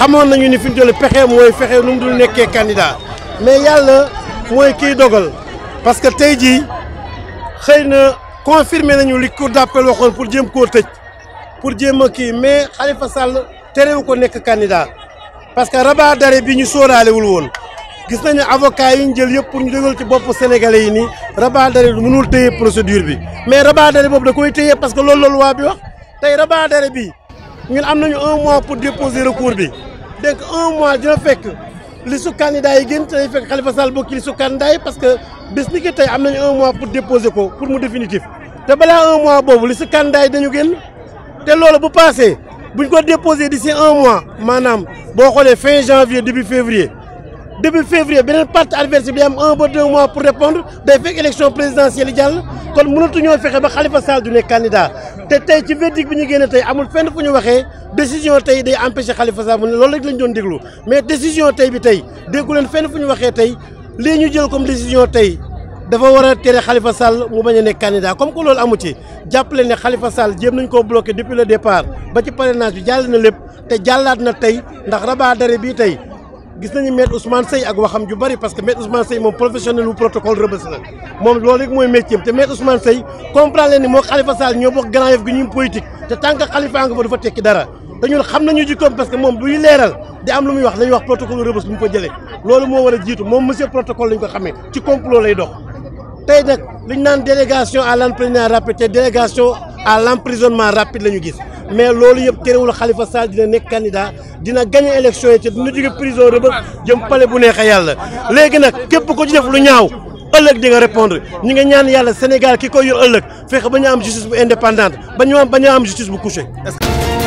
xamoon nañu ni fi ñu pexé moy fexé fexe dul nekkee candidat mais yalla moy ki dogal parce que tay ji xeyna confirmer nañu li cour d'appel waxoon pour jéem ko tëj pour jéem ki mais Khalifa Sall terewu ko nekk candidat parce que rabat d'arrêt bi ñu wul woon gis nañu avocat yi ñu jël yépp pour ñu dëgal ci bop sénégalais yi ni rabat d'arrêt mënul téye procédure bi mais rabat d'arrêt bop da koy téye parce que loolu la loi bi wax tay rabat d'arrêt bi nous avons un mois pour déposer le cours. donc un mois dina fais que les candidat yi parce que un mois pour déposer pour mu définitif Nous un mois pour li su candidat yi dañu passé d'ici un mois madame, fin janvier début février début février une partie adverse un deux mois pour répondre élection présidentielle kon mënatuñoo fexe ba Khalifa Sall du nekk candidat te tey ci verdict bi ñu génne tey amul fenn fu ñu waxee décision tey day empêché Khalifa Sall mu ne loolu rek lañ doon déglu mais décision tey bi tey déggu leen fenn fu ñu waxee tey lii ñu jël comme décision tey dafa war a tere Khalifa Sall mu bañ ne nekk candidat comme que loolu amu ci jàppale ne Khalifa Sall jéem nañ koo bloqué depu le départ ba ci parrainage bi jàll na lépp te jàllaat na tey ndax rabat d'arrêt bii tey. gis nañu maître Ousmane Sey ak waxam ju bari parce que maître Ousmane Sey moom professionnel wu protocole rëbës la moom loolu rek mooy métier te maître Ousmane Sey comprendre leen ni moo Khalifa Sall ñoo bokk Grand Yoff gi ñuy politique te tant que Khalifa nga fa dafa tekki dara te ñun xam nañu jikkoom parce que moom buy leeral di am lu muy wax lañuy wax protocole rëbës lu mu ko jëlee loolu moo war a jiitu moom monsieur protocole lañ ko xamee ci complot lay dox tey nag liñ naan délégation à l'emprisonnement rapide te délégation à l'emprisonnement rapide la ñu gis mais loolu yëpp terewul Khalifa Sall dina nekk candidat dina gagné élection yi te dina jóge prison rëbës jëm pale bu neexee yàlla léegi nag képp ko ci def lu ñaaw ëllëg di nga répondre ñi nga ñaan yàlla Sénégal ki koy yor ëllëg fexe ba ñu am justice bu indépendante ba am ba ñu am justice bu couché